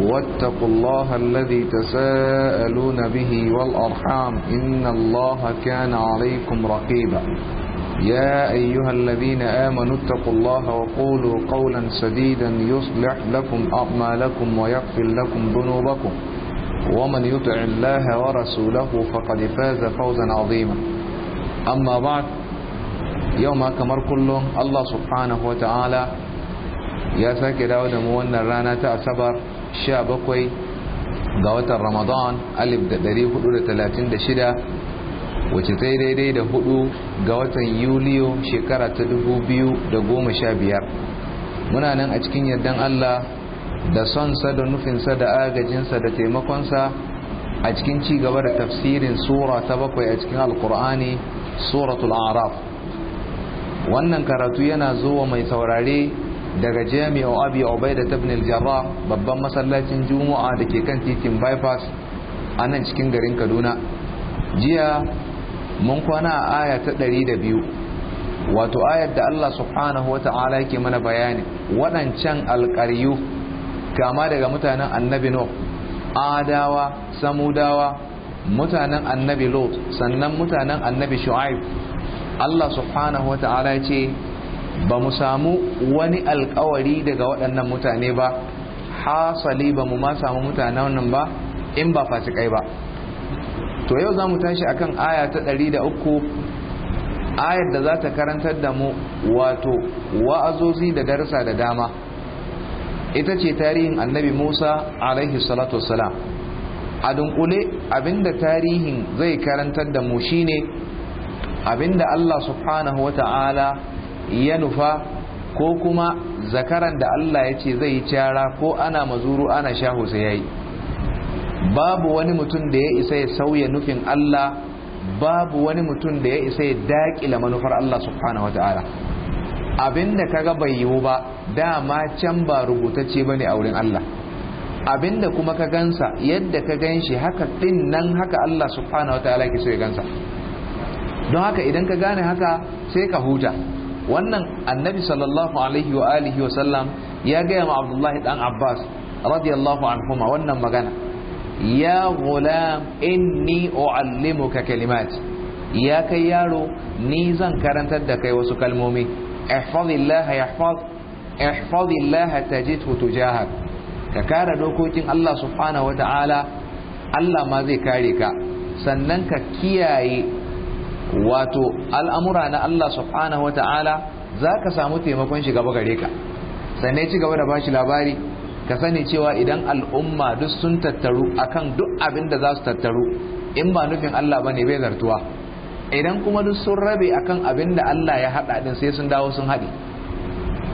واتقوا الله الذي تساءلون به والأرحام إن الله كان عليكم رقيبا يا أيها الذين آمنوا اتقوا الله وقولوا قولا سديدا يصلح لكم أعمالكم ويغفر لكم ذنوبكم ومن يطع الله ورسوله فقد فاز فوزا عظيما أما بعد يوم كمر كله الله سبحانه وتعالى يا ساكي داود موانا رانا تأسبر Sha 17 ga watan ramadan 1436 wacce ta yi daidai da hudu ga watan yuliyo shekara ta goma sha biyar. muna nan a cikin yardan allah da sonsa da nufinsa da agajinsa da taimakonsa a cikin ci gaba da tafsirin sura ta bakwai a cikin alkur'ani suratul araf wannan karatu yana zuwa mai saurare daga jami'u ya obai da al babban masallacin juma'a da ke kan titin bypass a nan cikin garin kaduna jiya mun kwana a aya ta ɗari da biyu wato ayar da allah subhanahu wa ta'ala yake mana bayani waɗancan alƙaryu kama daga mutanen annabi no adawa samudawa mutanen annabi lot sannan mutanen annabi shu'aib allah subhanahu wa ta'ala ce ba mu samu wani alkawari daga waɗannan mutane ba hasali ba mu ma samu mutane nan ba in ba fasikai ba to yau za mu tashi akan aya ta ɗari da uku ayar da za ta karantar da mu wato wa'azozi da darsa da dama ita ce tarihin annabi musa alaihi salatu wassalam a dunkule abinda tarihin zai karantar da mu shine abinda allah subhanahu wa ta'ala ya nufa ko kuma zakaran da Allah ya ce zai yi cara ko ana mazuru ana shaho sai yi. babu wani mutum da ya isa ya sauya nufin Allah babu wani mutum da ya isa ya daƙila manufar Allah subhanahu wataala abinda kaga bai yiwu ba dama can ba rubutacce ne a wurin Allah abinda kuma ka gansa yadda ka ganshi haka din nan haka Allah subhanahu wataala ke so ya gansa don haka idan ka gane haka sai ka huta wannan annabi sallallahu alaihi wa alihi wa sallam ya gaya ma abdullahi dan abbas radiyallahu anhu ma wannan magana ya gulam inni uallimuka kalimat ya kai yaro ni zan karantar da kai wasu kalmomi ihfazillah yahfaz ihfazillah tajidhu tujahak ka kare dokokin Allah subhanahu ta'ala Allah ma zai kare ka sannan ka kiyaye wato al'amura na Allah subhanahu wata'ala za ka samu taimakon shi gaba gare ka sannan ci gaba da bashi labari ka sani cewa idan al'umma duk sun tattaru akan duk abin da za su tattaru in ba nufin Allah ba ne bai zartuwa idan kuma duk sun rabe akan abin da Allah ya haɗa ɗin sai sun dawo sun haɗi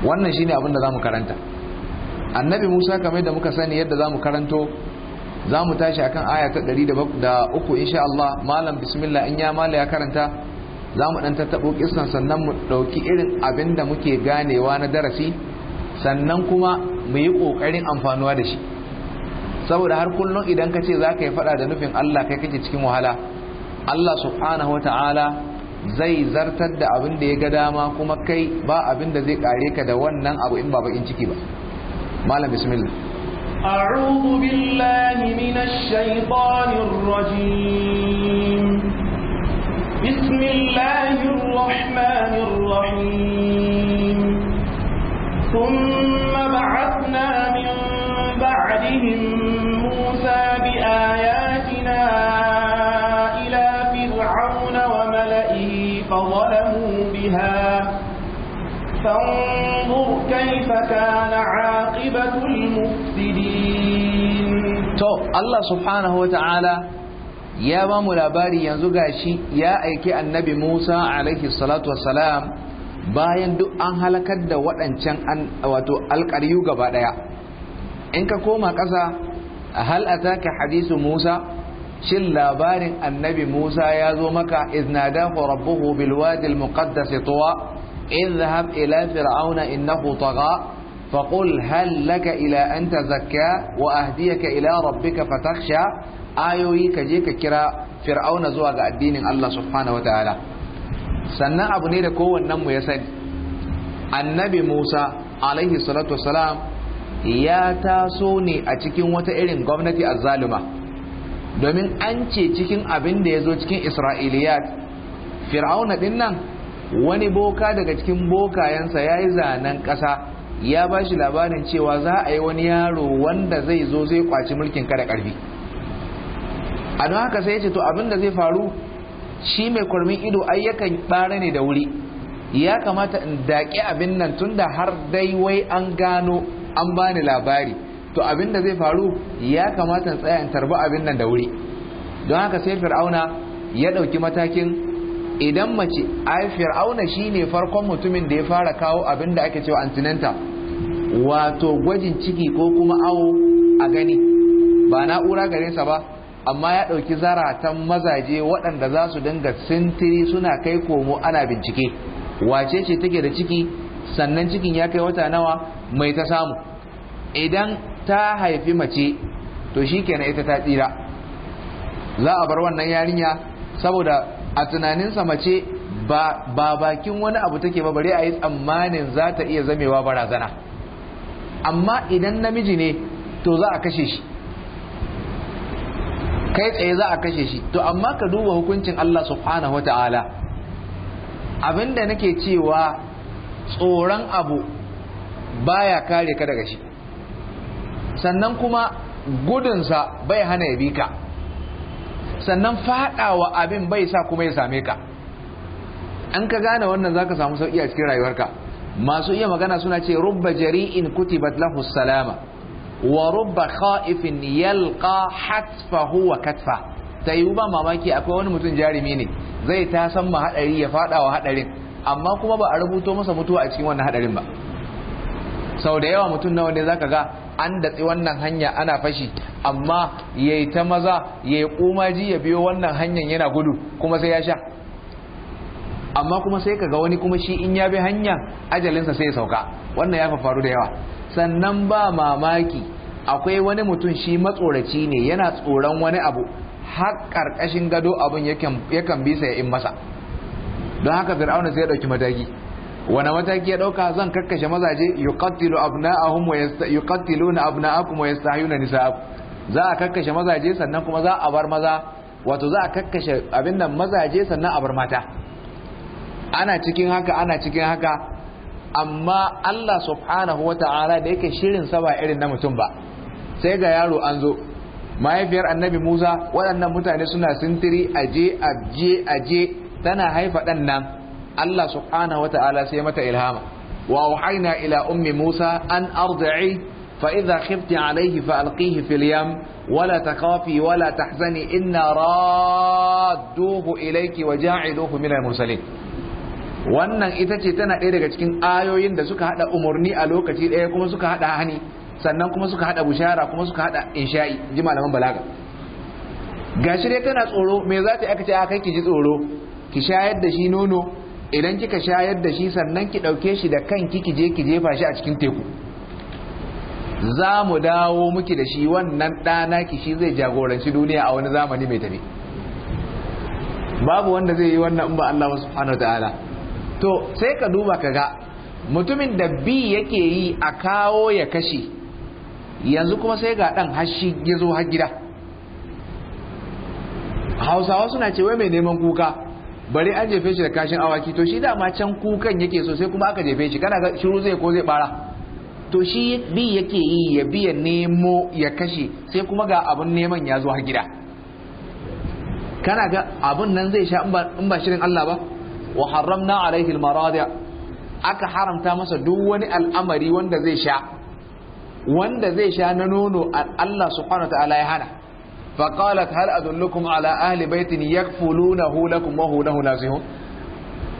wannan shi ne abin da za mu karanta annabi musa kamar da muka sani yadda za mu karanto za mu tashi akan aya ta 103 insha Allah malam bismillah in ya mala ya karanta za mu dan tattabo kissan sannan mu dauki irin abin da muke ganewa na darasi sannan kuma mu yi kokarin amfanuwa da shi saboda har kullum idan ka ce za ka yi fada da nufin Allah kai kake cikin wahala Allah subhanahu wa ta'ala zai zartar da abin da ya ga dama kuma kai ba abin da zai kare ka da wannan abu in ba bakin ciki ba malam bismillah أعوذ بالله من الشيطان الرجيم بسم الله الرحمن الرحيم ثم بعثنا من بعدهم موسى بآياتنا إلى فرعون وملئه فظلموا بها فانظر كيف كان عاقبة المؤمنين to Allah subhanahu wata'ala ya ba mu labari yanzu gashi ya aiki annabi Musa alaihi salatu wassalam bayan duk an halakar da waɗancan wato alƙaryu gaba ɗaya in ka koma ƙasa hal ataka hadisu Musa shin labarin annabi Musa ya zo maka iznadahu rabbuhu bilwadil wadi al muqaddas tuwa ila fir'auna innahu tagha فقل هل لك إلى أن تزكى وأهديك إلى ربك فتخشى آيوي كجيك كرا فرعون زواج الدين الله سبحانه وتعالى sannan abu ne da kowannen mu ya sani annabi Musa alaihi salatu تاسوني ya taso ne a cikin wata irin gwamnati azzaluma domin an ce cikin abin da ya zo cikin isra'iliyat fir'auna din wani boka daga cikin bokayensa ya yi zanen ƙasa ya ba shi labarin cewa za a yi wani yaro wanda zai zo zai kwaci mulkin kada karfi a don haka sai ya ce to abin zai faru shi mai kwarmin ido ai yakan ɓare ne da wuri ya kamata in daƙi abin nan tun da har dai wai an gano an bani labari to abin zai faru ya kamata in tsaya in tarbi abin nan da wuri don haka sai fir'auna ya ɗauki matakin idan mace ai fir'auna shine farkon mutumin da ya fara kawo abin da ake cewa antinenta wato gwajin ciki ko kuma awo a gani ba na'ura gare sa ba amma ya ɗauki zaratan mazaje waɗanda za su dinga sintiri suna kai komo ana bincike wace ce take da ciki sannan cikin ya kai wata nawa mai ta samu idan ta haifi mace to shi kenan ita ta tsira za a bar wannan yarinya saboda a tunaninsa mace ba bakin wani abu take ba bare a yi tsammanin za ta iya zamewa barazana amma idan namiji ne to za a kashe shi kai tsaye za a kashe shi to amma ka duba hukuncin Allah subhanahu wa ta'ala abinda nake cewa tsoron abu baya kare ka daga shi sannan kuma gudunsa bai hana ya bi ka sannan fadawa abin bai sa kuma ya same ka an ka gane wannan zaka samu sauki a cikin rayuwarka masu iya magana suna ce rubba jari'in kutibat lahu salama wa rubba kha'ifin yalqa hatfahu wa katfa ta yi ba mamaki akwai wani mutum jarumi ne zai ta san ma hadari ya fada wa hadarin amma kuma ba a rubuto masa mutuwa a cikin wannan hadarin ba sau da yawa mutum nawa ne zaka ga an datsi wannan hanya ana fashi amma yayi ta maza yayi ji ya biyo wannan hanyar yana gudu kuma sai ya sha amma kuma sai kaga wani kuma shi in ya bi hanya ajalinsa sai ya sauka wannan ya faru da yawa sannan ba mamaki akwai wani mutum shi matsoraci ne yana tsoron wani abu har karkashin gado abin yakan bisa ya in masa don haka fir'auna sai ya dauki mataki wani mataki ya dauka zan kakkashe mazaje yuqattilu abna'ahum wa yuqattiluna abna'akum wa yastahiyuna nisa'akum za a kakkashe mazaje sannan kuma za a bar maza wato za a kakkashe abin nan mazaje sannan a bar mata ana cikin haka ana cikin haka amma Allah subhanahu wa ta'ala da yake shirin sa ba irin na mutum ba sai ga yaro an zo mahaifiyar annabi Musa waɗannan mutane suna sintiri aje aje aje tana haifa ɗan nan Allah subhanahu wa ta'ala sai mata ilhama wa auhayna ila ummi Musa an arda'i fa idza khifti alayhi fa Alkihi fil yam wala takafi wala tahzani inna radduhu ilaiki wa minal mursalin wannan ita ce tana ɗaya daga cikin ayoyin da suka haɗa umarni a lokaci ɗaya kuma suka hada hani sannan kuma suka hada bushara kuma suka hada insha'i ji malaman balaga Ga shi dai tana tsoro me za ta yi aka ce aka ki ji tsoro ki shayar da shi nono idan kika shayar da shi sannan ki ɗauke shi da kanki ki je ki jefa shi a cikin teku za mu dawo miki da shi wannan ɗana ki shi zai jagoranci duniya a wani zamani mai tafi babu wanda zai yi wannan in ba Allah subhanahu wa ta'ala to sai ka duba ka ga mutumin da bi yake yi a kawo ya kashe yanzu kuma sai ga ɗan hashi ya zo har gida hausawa suna cewa mai neman kuka bari an jefe shi da kashin awaki to shi dama can kukan yake so sai kuma aka jefe shi kana ga shiru zai ko zai bara to shi bi yake yi ya biya nemo ya kashe sai kuma ga abun neman ya zo har gida kana ga abun nan zai sha in ba shirin Allah ba wa haramna alaihi almaradi aka haramta masa duk wani al'amari wanda zai sha wanda zai sha na nono Allah subhanahu wa ta'ala ya hana fa qalat hal adullukum ala ahli baitin yakfulunahu lakum wa huwa lahu nasihun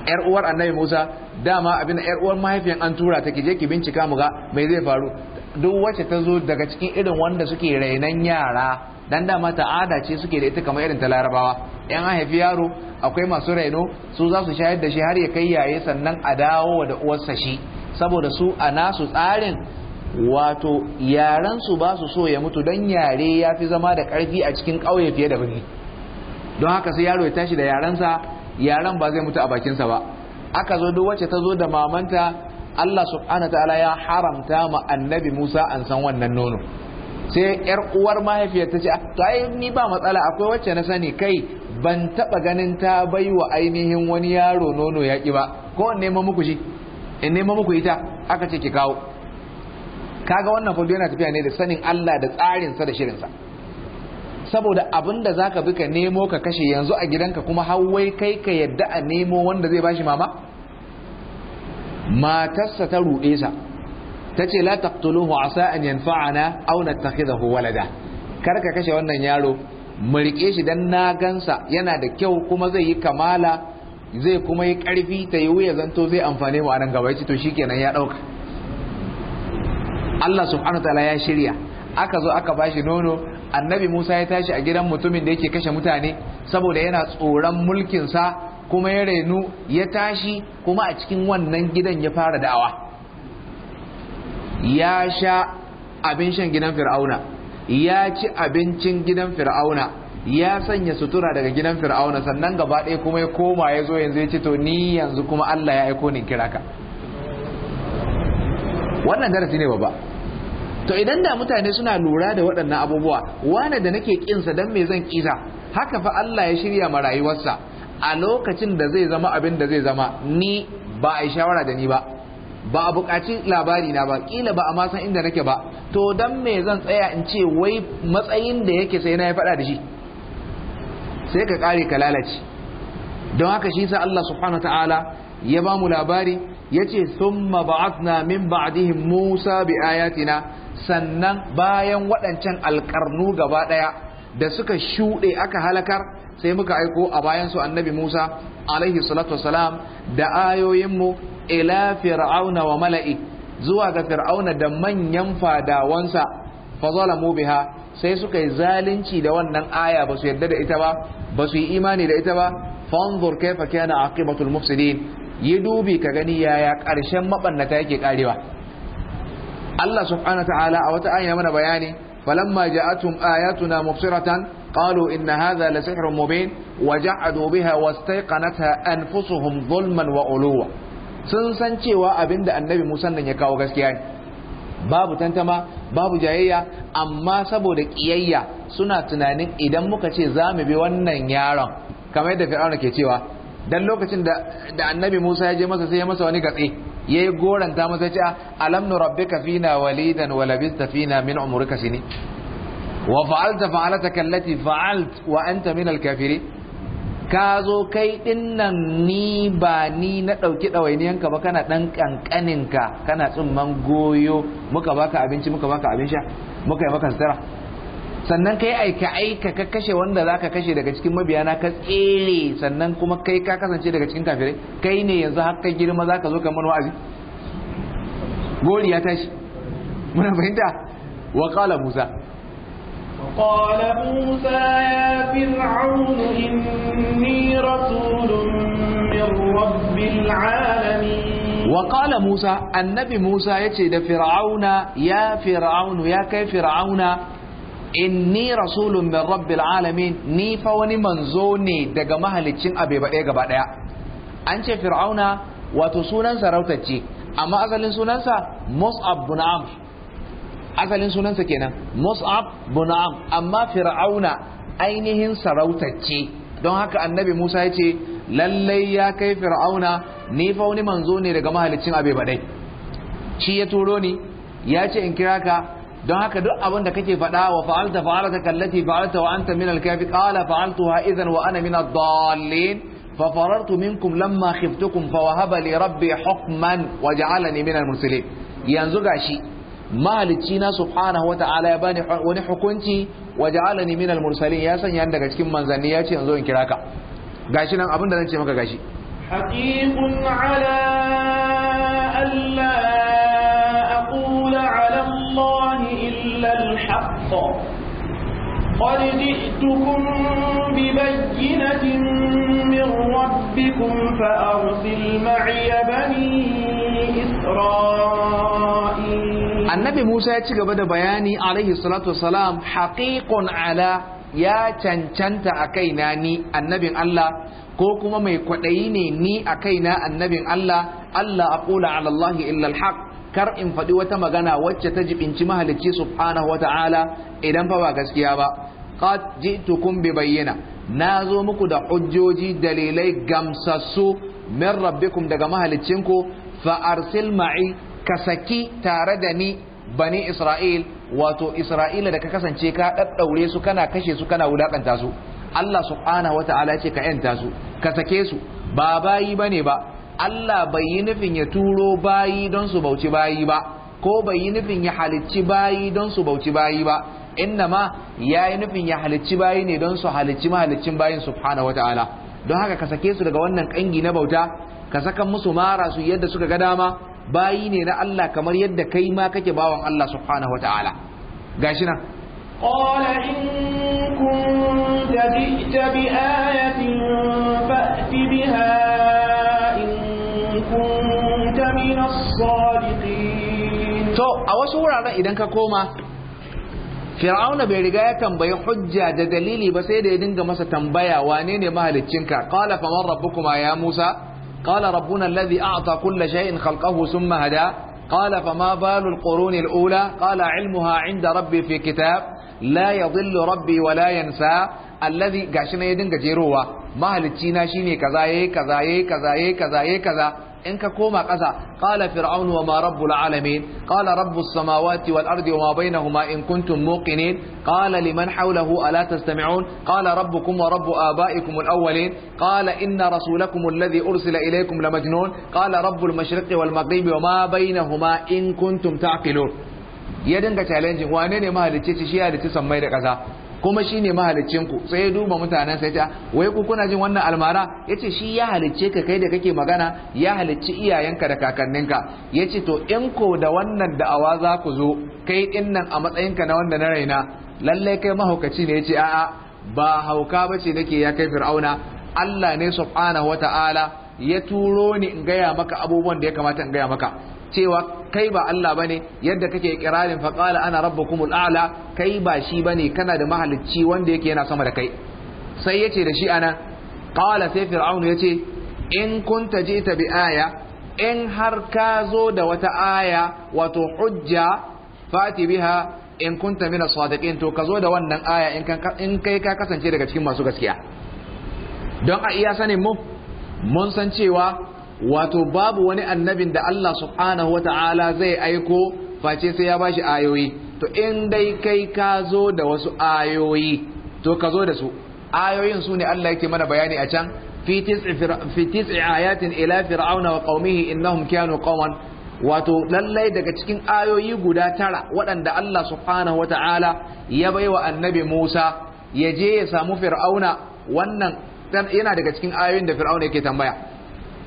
yar uwar annabi Musa dama abin yar uwar mahaifiyan an tura take je ki bincika mu ga me zai faru duk wacce ta zo daga cikin irin wanda suke rainan yara dan dama ada ce suke da ita kamar irin ta larabawa yan an haifi yaro akwai masu raino su za su shayar da shi har ya kai yaye sannan a dawo da uwarsa shi saboda su a nasu tsarin wato yaran su ba su so ya mutu dan yare ya fi zama da karfi a cikin ƙauye fiye da birni don haka sai yaro ya tashi da yarensa yaran ba zai mutu a bakinsa ba aka zo duk wacce ta zo da mamanta Allah subhanahu wa ta'ala ya haramta ma annabi Musa an san wannan nono sai yar uwar mahaifiyar ta ce ah, to ai ni ba matsala akwai wacce na sani kai ban taba ganin ta bai wa ainihin wani yaro nono ya ki ba ko in nema muku shi in nema muku ita aka ce ki kawo kaga wannan fa yana tafiya ne da sanin Allah da tsarin sa da shirinsa. saboda abin da zaka bi ka nemo ka kashe yanzu a gidanka kuma hawai kai ka yadda a nemo wanda zai ba shi mama matarsa ta ruɗe sa tace la taqtuluhu asa an yanfa'ana aw nattakhidahu walada karka kashe wannan yaro mu shi dan na gansa yana da kyau kuma zai yi kamala zai kuma yi karfi ta yi wuya zanto zai amfane mu anan gaba yace to shikenan ya dauka Allah subhanahu wataala ya shirya aka zo aka bashi nono annabi Musa ya tashi a gidan mutumin da yake kashe mutane saboda yana tsoron mulkin sa kuma ya renu ya tashi kuma a cikin wannan gidan ya fara da'awa ya sha abin shan gidan fir'auna ya ci abincin gidan fir'auna ya sanya sutura daga gidan fir'auna sannan gaba ɗaya kuma ya koma ya zo yanzu ya ce to ni yanzu kuma Allah ya aiko ni kira ka wannan darasi ne baba to idan da mutane suna lura da waɗannan abubuwa wane da nake kinsa dan me zan kisa haka fa Allah ya shirya ma rayuwarsa a lokacin da zai zama abin da zai zama ni ba a yi shawara da ni ba ba a buƙaci labari na ba Ƙila ba a masan inda nake ba to don me zan tsaya in ce wai matsayin da yake sai na ya faɗa da shi sai ka ƙare ka lalace don haka shi sa Allah subhanahu ta'ala ya ba mu labari yace sun ba'athna min ba'dihim Musa bi ayatina sannan bayan waɗancan alƙarnu gaba ɗaya da suka shuɗe aka halakar sai muka aiko a bayan su annabi Musa alaihi salatu wasalam da ayoyinmu ila fir'auna wa mala'i zuwa ga fir'auna da manyan fadawansa fa zalamu biha sai suka yi zalunci da wannan aya ba su yarda da ita ba ba su yi imani da ita ba fanzur kaifa kana aqibatul mufsidin yi dubi ka gani yaya karshen mabannata yake karewa Allah subhanahu wa ta'ala a wata aya mana bayani falamma ja'atum ayatuna mufsiratan قالوا إن هذا لسحر مبين وجعدوا بها واستيقنتها أنفسهم ظلما وعلوا sun san cewa النبي annabi غسكيان ya kawo gaskiya ne babu tantama babu jayayya amma saboda kiyayya suna tunanin idan muka ce za mu bi wannan yaron kamar yadda fir'auna ke cewa dan lokacin da annabi musa ya je masa sai ya masa wani gatse ya yi goranta masa ce alam nu rabbika fina walidan wa labista fina min umrika sini wa fa'alta التي فعلت fa'alt wa الكافرين كازو ka zo kai dinnan ni ba ni na ɗauki ɗawainiyanka ba kana ɗan ƙanƙaninka kana tsumman goyo muka baka abinci muka baka abin sha muka yi sannan kai aika ka kashe wanda za ka kashe daga cikin mabiyana ka tsere sannan kuma kai ka kasance daga cikin kafirai kai ne yanzu har kai girma zaka zo kamar wa'azi gori ya tashi muna fahimta wa musa قال موسى يا فرعون إني رسول من رب العالمين وقال موسى النبي موسى يتشد فرعون يا فرعون يا كي فرعون inni rasulun min rabbil alamin ni fa wani manzo ne daga mahaliccin abe baɗe gaba ɗaya an ce fir'auna wato sunan sarautacce amma asalin sunansa mus'ab bin asalin sunansa kenan mus'ab bin am amma fir'auna ainihin sarautacce don haka annabi Musa ya ce lallai ya kai fir'auna ni fa wani manzo ne daga mahalicin abe badai shi ya turo ni ya ce in kira ka don haka duk abin da kake faɗa wa fa'alta fa'alata kallati fa'alta wa anta min al-kafi qala fa'altuha idhan wa ana min ad-dallin ففررت منكم لما خفتكم فوهب لي ربي حكما وجعلني من المرسلين yanzu gashi mahalicci na subhanahu ta'ala ya bani wani hukunci ni minal mursalin ya sanya ni daga cikin manzanni ya ce yanzu in kira ka gashi nan abin da zan ce maka gashi haqiqun ala alla aqula ala allah illa alhaq قد جئتكم ببينة من ربكم فأرسل معي بني إسرائيل annabi Musa ya ci gaba da bayani alaihi salatu wasalam haqiqun ala ya cancanta a kaina ni annabin Allah ko kuma mai kwaɗayi ne ni a kaina annabin Allah Allah aqula ala Allah illa alhaq kar in faɗi wata magana wacce ta jibinci mahalicci subhanahu wata'ala idan fa ba gaskiya ba qad ji'tukum bi bayyana na zo muku da hujjoji dalilai gamsassu min rabbikum daga mahaliccinku fa arsil ma'i ka saki tare da ni bani isra'il wato isra'ila da ka kasance ka ɗaɗɗaure su kana kashe su kana wulakanta su Allah subhanahu wa ta'ala ce ka yanta su ka sake su ba bayi bane ba Allah bai yi nufin ya turo bayi don su bauci bayi ba ko bai yi nufin ya halicci bayi don su bauci bayi ba innama ya yi nufin ya halicci bayi ne don su halicci mahaliccin bayin subhanahu wa ta'ala don haka ka sake su daga wannan kangi na bauta ka saka musu mara su yadda suka ga dama bayi ne na Allah kamar yadda kai ma kake bawan Allah subhanahu wataala gashi nan qala in kunta ji'ta bi ayatin fa'ti biha in kunta min as-sadiqin to a wasu wuraren idan ka koma Fir'auna bai riga ya tambayi hujja da dalili ba sai da ya dinga masa tambaya wane ne mahaliccinka qala rabu rabbukuma ya Musa قال ربنا الذي أعطى كل شيء خلقه ثم هدى قال فما بال القرون الأولى قال علمها عند ربي في كتاب لا يضل ربي ولا ينسى الذي قاشنا يدن جيروا ما هل تشينا شيني كذا يي كذا يي كذا يي كذا يي كذا in ka koma ƙasa qala fir'aun wa ma rabbul alamin qala rabbus samawati wal ardi wa ma bainahuma in kuntum muqinin qala liman hawlahu ala tastami'un qala rabbukum wa rabbu abaikum al awwalin qala inna rasulakum alladhi ursila ilaykum majnun qala rabbul mashriqi wal maghribi wa ma bainahuma in kuntum ta'qilun ya dinga challenging wane ne mahalicci shi ya halicci mai da ƙasa kuma shine ne ku sai ya duba mutanen sai ta wai ku kuna jin wannan almara yace shi ya halicce ka kai da kake magana ya halicci iyayenka da kakanninka yace to in ko da wannan da'awa za ku zo kai din nan a matsayinka na wanda na raina lallai kai mahaukaci ne ya ce a'a ba hauka ba ce nake ya kai fir'auna Allah ne subhanahu wata'ala ya turo ni in gaya maka abubuwan da ya kamata in gaya maka cewa kai ba Allah bane yadda kake kirarin fa qala ana rabbukumul a'la kai ba shi bane kana da mahalicci wanda yake yana sama da kai sai yace da shi ana qala sai fir'aun yace in kunta jita bi aya in har ka zo da wata aya wato hujja fati biha in kunta mina sadiqin to ka zo da wannan aya in kai ka kasance daga cikin masu gaskiya don a iya sanin mu mun san cewa wato babu wani annabin da Allah subhanahu ta'ala zai aiko face sai ya bashi ayoyi to in dai kai ka zo da wasu ayoyi to ka zo da su ayoyin su ne Allah yake mana bayani a can fi tis'i ayatin ila fir'auna wa qaumihi innahum kanu qawman wato lallai daga cikin ayoyi guda tara waɗanda Allah subhanahu ta'ala ya baiwa annabi Musa ya je ya samu fir'auna wannan yana daga cikin ayoyin da fir'auna yake tambaya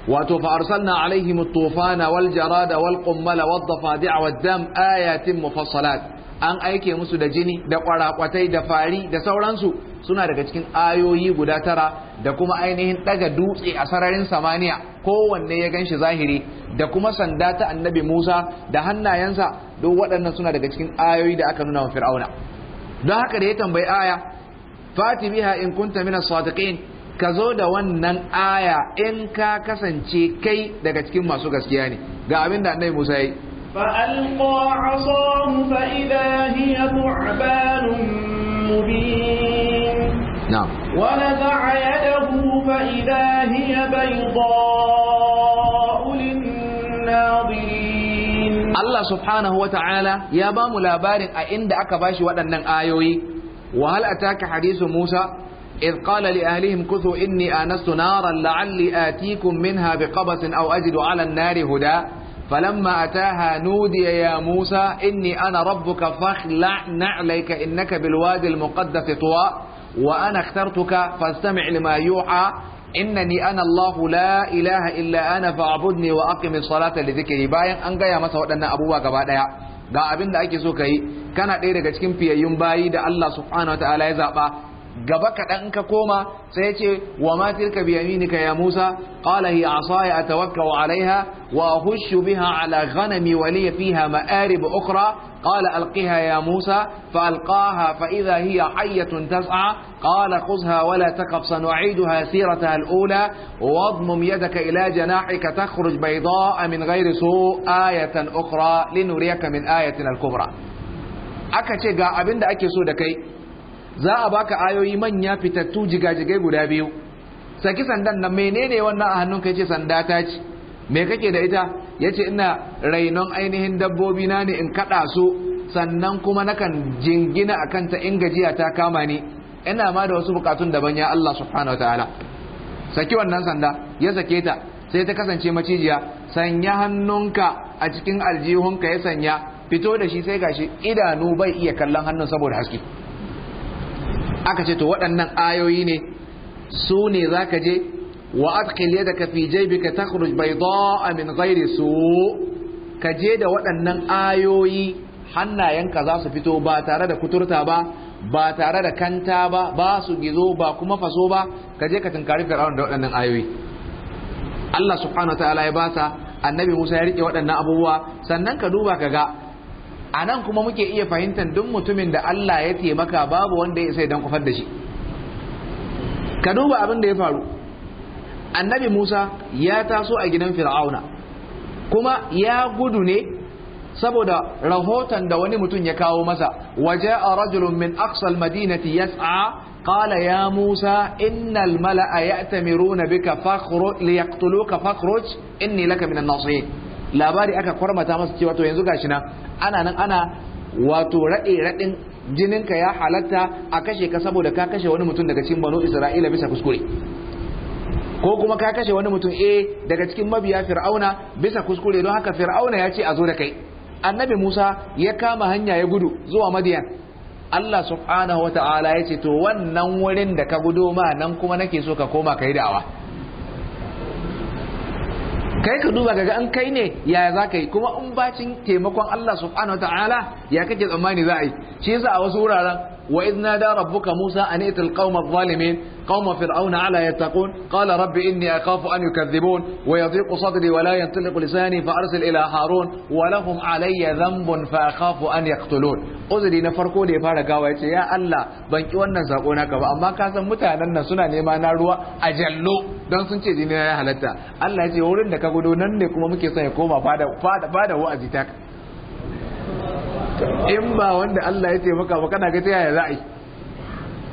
wato fa arsalna alaihim at-tufana wal jarada wal qummala wad dafadi'a wad dam ayatin mufassalat an aike musu da jini da kwarakwatai da fari da sauransu suna daga cikin ayoyi guda tara da kuma ainihin daga dutse a sararin samaniya kowanne ya ganshi zahiri da kuma sanda ta annabi Musa da hannayensa duk waɗannan suna daga cikin ayoyi da aka nuna wa fir'auna don haka da ya tambayi aya fati biha in kunta minas sadiqin ka zo da wannan aya in ka kasance kai daga cikin masu gaskiya ne ga abin da annabi Musa yi فألقى عصاه فإذا هي ثعبان مبين نعم ونزع يده فإذا هي بيضاء للناظرين الله سبحانه وتعالى يا بام لابارن أئند أكباش ودنن آيوي وهل أتاك حديث موسى إذ قال لأهلهم كثوا إني آنست نارا لعلي آتيكم منها بقبس أو أجد على النار هدى فلما أتاها نودي يا موسى إني أنا ربك فاخلع نعليك إنك بالوادي المقدس طوى وأنا اخترتك فاستمع لما يوحى إنني أنا الله لا إله إلا أنا فاعبدني وأقم الصلاة لذكري باين أن gaya masa waɗannan abubuwa gaba ɗaya ga abin da ake so ka yi kana ɗaya daga cikin fiyayyun bayi da Allah subhanahu wataala ya zaɓa gaba kaɗan in ka koma sai ya ce wa ma tilka bi ka ya Musa qala hiya asaya atawakkau alaiha wa hushu biha ala ghanami wa li fiha ma'arib ukhra قال ألقها يا موسى فألقاها فإذا هي حية تسعى قال خذها ولا تخف سنعيدها سيرتها الأولى واضمم يدك إلى جناحك تخرج بيضاء من غير سوء آية أخرى لنريك من آيتنا الكبرى aka ce ga abin da ake so da kai za a baka ayoyi manya fitattu jigajigai guda biyu saki sandan nan menene wannan a hannunka ce sanda ta ce me kake da ita yace ina rainon ainihin dabbobi na ne in kada su sannan kuma nakan jingina akan ta in gajiya ta kama ni ina ma da wasu bukatun daban ya Allah subhanahu wataala saki wannan sanda ya sake ta sai ta kasance macijiya sanya hannunka a cikin aljihunka ya sanya fito da shi sai gashi idanu bai iya kallon hannun saboda haske aka ce to waɗannan ayoyi ne su ne za ka je wa da yadaka fi jaybika takhruj bayda'a min ghairi su' ka je da waɗannan ayoyi hannayenka za su fito ba tare da kuturta ba ba tare da kanta ba ba su gizo ba kuma faso ba ka je ka tunkari fir'aun da waɗannan ayoyi Allah subhanahu ta'ala ya basa annabi Musa ya rike waɗannan abubuwa sannan ka duba ka ga a nan kuma muke iya fahimtar duk mutumin da Allah ya taimaka babu wanda ya sai don kufar da shi ka duba abin da ya faru annabi Musa ya taso a gidan fir'auna kuma ya gudu ne saboda rahoton da wani mutum ya kawo masa waje a rajulun min aksal madinati yas'a qala ya Musa innal mala'a ya'tamiruna bika fakhruj liyaqtuluka fakhruj inni laka minan nasihin labari aka kwarmata masa cewa yanzu ga shi na ana nan ana wato raɗe raɗin ka ya halatta a kashe ka saboda ka kashe wani mutum daga cikin banu isra'ila bisa kuskure ko kuma ka kashe wani mutum eh daga cikin mabiya fir'auna bisa kuskure don haka fir'auna ya ce a zo da kai annabi musa ya kama hanya ya gudu zuwa madiyan Allah subhanahu wata'ala ya ce to wannan wurin da ka gudo ma nan kuma nake so ka koma ka yi da'awa kai ka duba kaga an kai ne yaya za ka yi kuma in bacin taimakon Allah subhanahu Ta'ala ya kake tsammani za a yi shi yasa a wasu wuraren وإذ نادى ربك موسى أن ائت القوم الظالمين قوم فرعون على يتقون قال رب إني أخاف أن يكذبون ويضيق صدري ولا ينطلق لساني فأرسل إلى هارون ولهم علي ذنب فأخاف أن يقتلون أذري نفرقوا لي فارقا ويتي يا الله بنكي wannan sakona ka ba amma ka san mutanen nan suna nema na ruwa a jallo don sun ce jini ya halatta Allah ya ce wurin da ka gudo nan ne kuma muke son ya koma fada fada wa'azi ta in ba wanda Allah ya taimaka ba kana ga ta yaya zai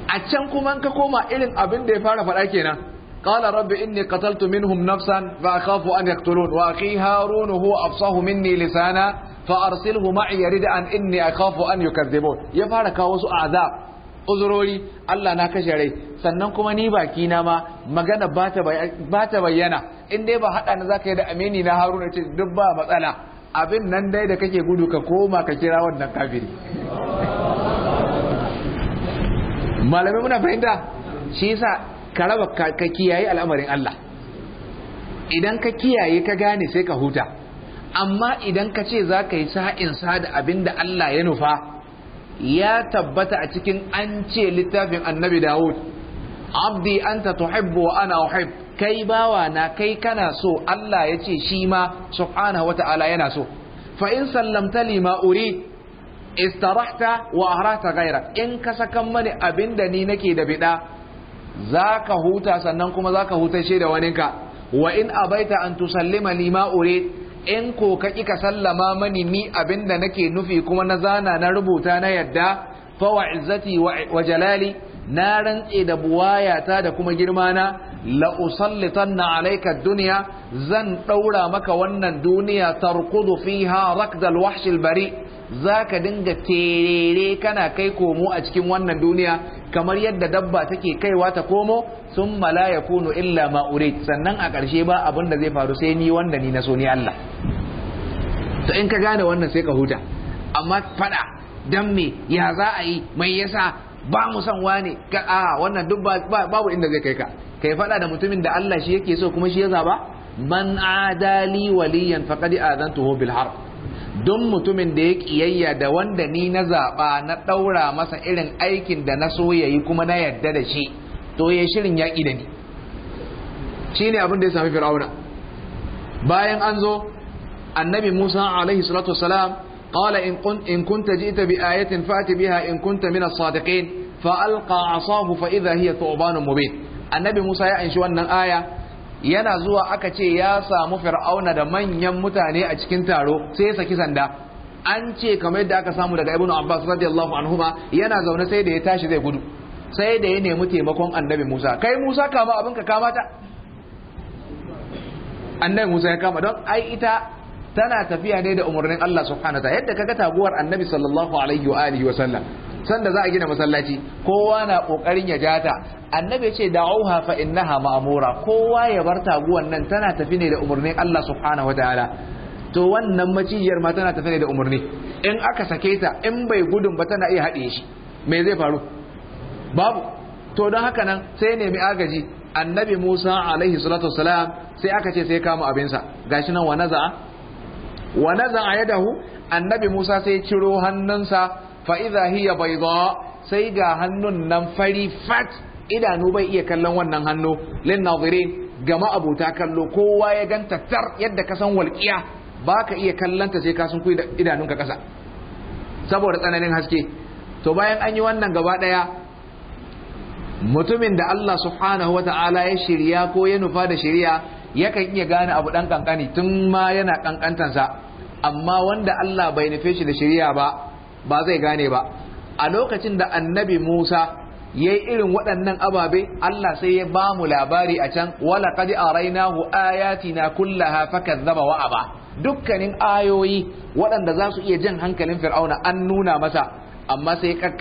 a can kuma ka koma irin abin da ya fara faɗa kenan qala rabbi inni qataltu minhum nafsan fa akhafu an yaqtulun wa akhi harun huwa afsahu minni lisana fa arsilhu ma'i yarid an inni akhafu an yukadzibun ya fara kawo su azab uzurori Allah na kashe rai sannan kuma ni baki na ma magana ba ta bayyana in dai ba haɗa na zaka yi da amini na haruna ce duk ba matsala abin nan dai da kake gudu ka koma ka kira wannan kafiri malamai muna fahimta shi yasa ka raba ka kiyaye al'amarin Allah idan ka kiyaye ka gane sai ka huta amma idan ka ce za ka yi sa'in sa da abin da Allah ya nufa ya tabbata a cikin an ce littafin annabi Dawud abdi anta tuhibbu wa ana uhibbu kai bawa na kai kana so Allah ya ce shi ma subhanahu wata'ala yana so fa in sallamta li ma urid istarahta wa ahrata ghayrak in ka sakan mani abinda ni nake da bida zaka huta sannan kuma zaka huta shi da waninka wa in abaita an tusallima li ma urid in ko ka ka sallama mani ni abinda nake nufi kuma na zana na rubuta na yadda fa wa izzati wa jalali na rantse da buwayata da kuma girmana na alaika duniya zan ɗaura maka wannan duniya tarkudu fiha rakdal wahshil bari za ka dinga terere kana kai komo a cikin wannan duniya kamar yadda dabba take kaiwa ta komo sun ya kunu illa ma'urid sannan a ƙarshe ba abin da zai faru sai ni wanda ni na so ni Allah to in ka gane wannan sai ka huta amma fada dan me ya za a yi mai yasa ba mu san wane ka a wannan duk babu inda zai kai ka kai faɗa da mutumin da Allah shi yake so kuma shi ya zaba man adali waliyan faqad adantuhu bil harb don mutumin da ya kiyayya da wanda ni na zaba na daura masa irin aikin da na so yayi kuma na yarda da shi to ya shirin yaƙi da ni shine abin da ya sami fir'auna bayan an zo annabi Musa alaihi salatu wassalam قال إن كنت جئت in kunta بها إن كنت من الصادقين فألقى عصاه فإذا هي ثعبان مبين annabi Musa ya anshi wannan aya yana zuwa aka ce ya samu fir'auna da manyan mutane a cikin taro sai ya saki sanda an ce kamar yadda aka samu daga ibnu abbas radiyallahu anhuma yana zaune sai da ya tashi zai gudu sai da ya nemi taimakon annabi Musa kai Musa kama abin ka kama ta annabi Musa ya kama don ai ita tana tafiya ne da umarnin Allah subhanahu wa ta'ala yadda kaga taguwar annabi sallallahu alaihi wa alihi wa sallam sanda za a gina masallaci kowa na kokarin ya jata annabi ya ce da'uha fa innaha ma'mura kowa ya bar taguwan nan tana tafi ne da umarnin Allah subhanahu wataala to wannan maciyar ma tana tafi ne da umarni in aka sake ta in bai gudun ba tana iya haɗe shi me zai faru babu to don haka nan sai nemi agaji annabi Musa alaihi salatu wassalam sai aka ce sai kama abinsa gashi nan wa naza'a wa naza'a yadahu annabi Musa sai ciro hannunsa fa idha hiya bayda sai ga hannun nan fari fat idanu bai iya kallon wannan hannu lin ga gama abota kallo kowa ya ganta tar yadda ka san walqiya baka iya kallanta sai ka sun idanunka kasa saboda tsananin haske to bayan an yi wannan gaba ɗaya, mutumin da Allah subhanahu ta'ala ya shirya ko ya nufa da shirya yakan iya gane abu ɗan kankani tun ma yana kankantansa amma wanda Allah bai nufe shi da shirya ba ba zai gane ba a lokacin da annabi Musa ya yi irin waɗannan ababe Allah sai ya ba mu labari a can wala Ayati na kulla kullaha fakazzaba wa ba dukkanin ayoyi waɗanda za su iya jan hankalin fir'auna an nuna masa amma sai ka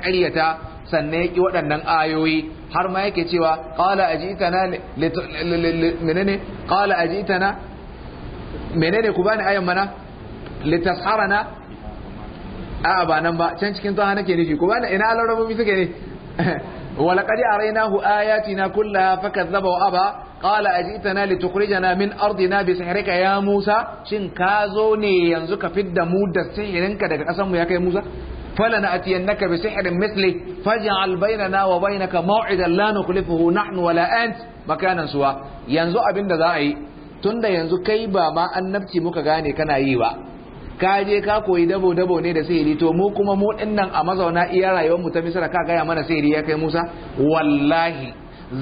sannan ya ƙi waɗannan ayoyi har ma yake cewa ƙala a ji na, menene ƙala a ji menene ku bani ayan mana litasharana a'a ba nan ba can cikin tsohon nake nufi ko ina larabobi suke ne wala kadi a raina hu na kulla faka zaba wa aba kala a ita na litukurija na min ardi na bi ya musa shin ka zo ne yanzu ka fidda mu da sihirinka daga kasanmu ya kai musa fala na atiyan naka bi sihirin misli faji albaina na wa ka ma'idan la nukulifuhu nahnu wala ant makanan suwa yanzu abin da za a yi tunda yanzu kai ba ma annabci muka gane kana yi ba ka je ka koyi dabo dabo ne da sihiri to mu kuma mu dinnan a mazauna iya rayuwar mu ta misira ka gaya mana sihiri ya kai musa wallahi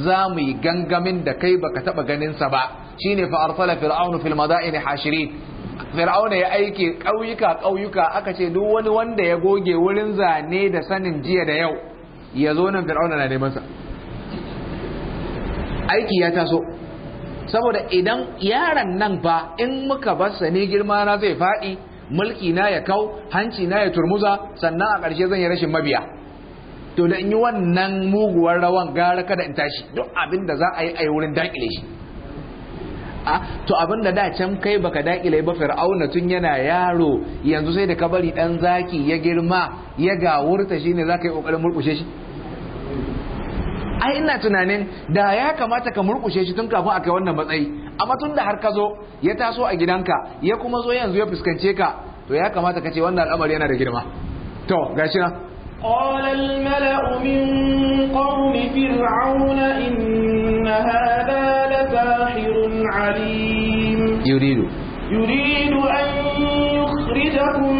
za mu yi gangamin da kai baka taba ganin sa ba shine fa arsala fir'aunu fil madaini hashirin fir'auna ya aike ƙauyuka ƙauyuka aka ce duk wani wanda ya goge wurin zane da sanin jiya da yau ya zo nan fir'auna na neman sa aiki ya taso saboda idan yaran nan ba in muka bar sa ne girma na zai faɗi mulki na ya kau hanci na ya turmuza sannan a ƙarshe zan yi rashin mabiya to da in yi wannan muguwar rawan gara kada in tashi duk abin da za a yi a wurin dakile shi to abin da da can kai baka dakile ba fir'auna tun yana yaro yanzu sai da ka bari dan zaki ya girma ya gawurta shine za ka yi kokarin murkushe shi ai ina tunanin da ya kamata ka murkushe shi tun kafin a kai wannan matsayi amma tun da har ka zo ya taso a gidanka ya kuma zo yanzu ya fuskance ka to ya kamata ka ce wannan al'amari yana da girma to gashi na قال الملأ من قوم فرعون إن هذا لساحر عليم يريد يريد أن يخرجكم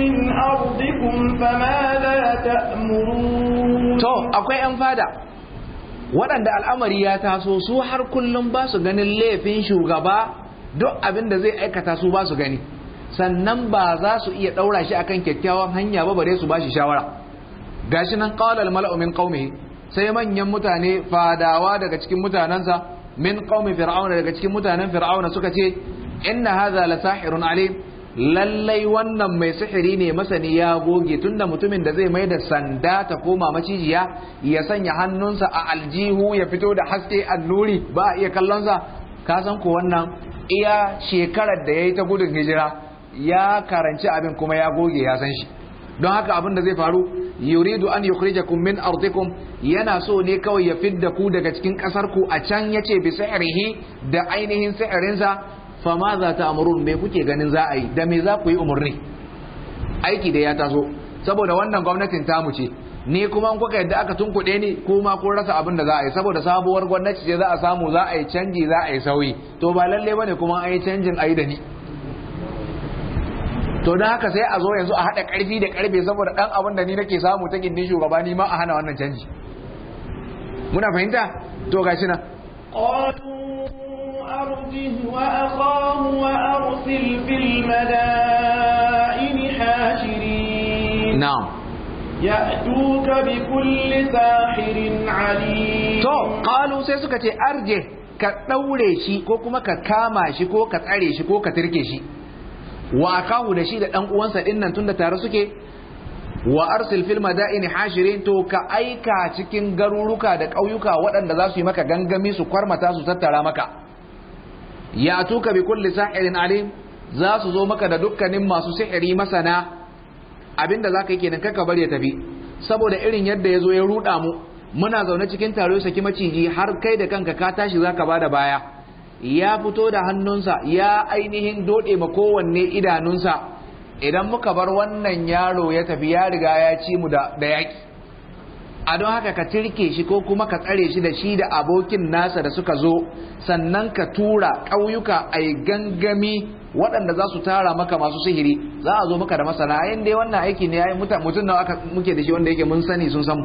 من أرضكم فماذا تأمرون to akwai 'yan fada waɗanda al'amari ya taso su har kullum ba su ganin laifin shugaba duk abin da zai aikata su ba su gani sannan ba za su iya ɗaura shi akan kyakkyawan hanya ba bare su ba shi shawara gashi nan qala al-mala'u min sai manyan mutane fadawa daga cikin mutanansa min qaumi fir'auna daga cikin mutanen fir'auna suka ce inna hadha la sahirun alim lallai wannan mai sihiri ne masani ya goge tunda mutumin da zai mai da sanda ta koma macijiya ya sanya hannunsa a aljihu ya fito da haske alluri ba a iya kallonsa ka san ko wannan iya shekarar da ya yi ta gudun hijira ya karanci abin kuma ya goge ya san shi don haka abin da zai faru yuridu an yukhrijakum min ardikum yana so ne kawai ya fidda ku daga cikin kasar ku a can yace bi sa'rihi da ainihin sa'irinsa fa ma za ta amurun me kuke ganin za a yi da mai za ku yi umarni aiki da ya taso saboda wannan gwamnatin tamu ce ne kuma in kuka yadda aka tunkuɗe ni ma ko rasa abin da za a yi saboda sabuwar gwamnati ce za a samu za a yi canji za a yi sauyi to ba lalle bane kuma an yi canjin a yi da ni to don haka sai a zo yanzu a haɗa ƙarfi da ƙarfe saboda ɗan abin da ni nake samu ta gindin shugaba ni ma a hana wannan canji muna fahimta to gashi na ya'tuka to qalu sai suka ce arje ka daure shi ko kuma ka kama shi ko ka tsare shi ko ka tirke shi wa kahu da shi da dan uwansa din nan tunda tare suke wa arsil fil madaini hashirin to ka aika cikin garuruka da kauyuka waɗanda za su yi maka gangami su kwarmata su tattara maka ya tuka bi kulli sahirin alim za su zo maka da dukkanin masu sihiri masana abinda za ka yi kenan kaka bari ya tafi saboda irin yadda ya zo ya ruɗa mu muna zaune cikin taro saki maciji har kai da kanka ka tashi za ka bada baya ya fito da hannunsa ya ainihin doɗe ma kowanne idanunsa idan muka bar wannan yaro ya tafi ya riga ya ci mu da yaƙi a don haka ka tirke shi ko kuma ka tsare shi da shi da abokin nasa da suka zo sannan ka tura ƙauyuka a gangami waɗanda za su tara maka masu sihiri za a zo maka da masana ayin dai wannan aiki ne yayin mutum aka muke da shi wanda yake mun sani sun samu